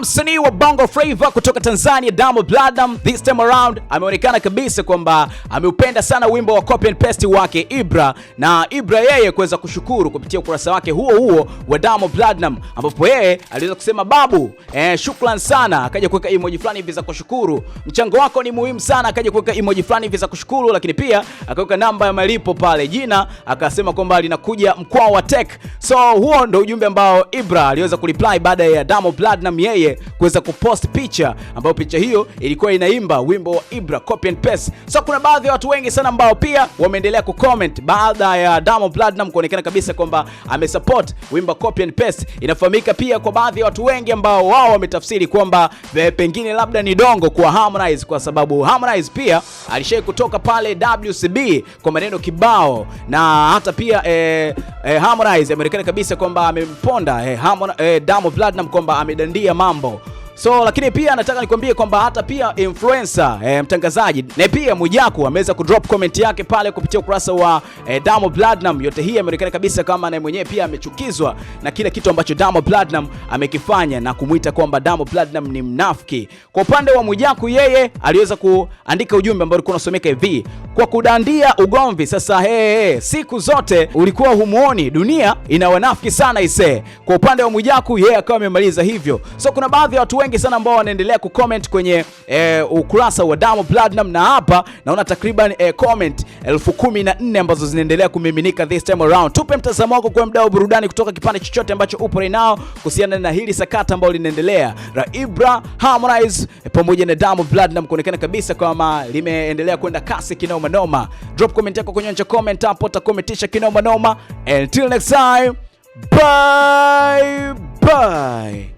msanii wa Bongo Flava kutoka Tanzania Diamond Platnumz this time around ameonekana kabisa kwamba ameupenda sana wimbo wa copy and paste wake Ibra, na Ibra yeye kuweza kushukuru kupitia ukurasa wake huo huo wa Diamond Platnumz, ambapo yeye aliweza kusema babu, eh, shukran sana, akaja kuweka emoji fulani hivi za kushukuru, mchango wako ni muhimu sana, akaja kuweka emoji fulani hivi za kushukuru, lakini pia akaweka namba ya malipo pale jina, akasema kwamba linakuja mkoa wa Tech. So huo ndio ujumbe ambao Ibra aliweza kureply baada ya Diamond Platnumz yeye yeye kuweza kupost picha ambayo picha hiyo ilikuwa inaimba wimbo wa Ibra copy and paste. So kuna baadhi ya watu wengi sana ambao pia wameendelea kucomment baada ya Diamond Platinum kuonekana kabisa kwamba amesupport wimbo copy and paste. Inafahamika pia kwa baadhi ya watu wengi ambao wao wametafsiri kwamba eh, pengine labda ni dongo kwa Harmonize, kwa sababu Harmonize pia alishai kutoka pale WCB kwa maneno kibao na hata pia eh, eh, Harmonize ameonekana kabisa kwamba amemponda eh, eh, Diamond Platinum kwamba amedandia mama combo So lakini pia nataka nikwambie kwamba hata pia influencer e, mtangazaji na pia Mwijaku ameweza kudrop comment yake pale kupitia ukurasa wa e, eh, Damo Platnumz. Yote hii ameonekana kabisa kama naye mwenyewe pia amechukizwa na kile kitu ambacho Damo Platnumz amekifanya na kumuita kwamba Damo Platnumz ni mnafiki. Kwa upande wa Mwijaku, yeye aliweza kuandika ujumbe ambao ulikuwa unasomeka hivi: kwa kudandia ugomvi sasa, hey, hey, siku zote ulikuwa humuoni, dunia ina wanafiki sana ise. Kwa upande wa Mwijaku, yeye akawa amemaliza hivyo. So kuna baadhi ya watu wengi sana ambao wanaendelea kucomment kwenye eh, ukurasa wa Diamond Platnumz na hapa naona takriban eh, comment elfu kumi na nne ambazo zinaendelea kumiminika this time around. Tupe mtazamo wako kwa mdau burudani kutoka kipande chochote ambacho upo right now kuhusiana na hili sakata ambalo linaendelea la Ibra Harmonize eh, pamoja na Diamond Platnumz kuonekana kabisa kama limeendelea kwenda kasi kinoma noma. Drop comment yako kwenye nje comment hapo, utakometisha kinoma noma. Until next time, bye bye.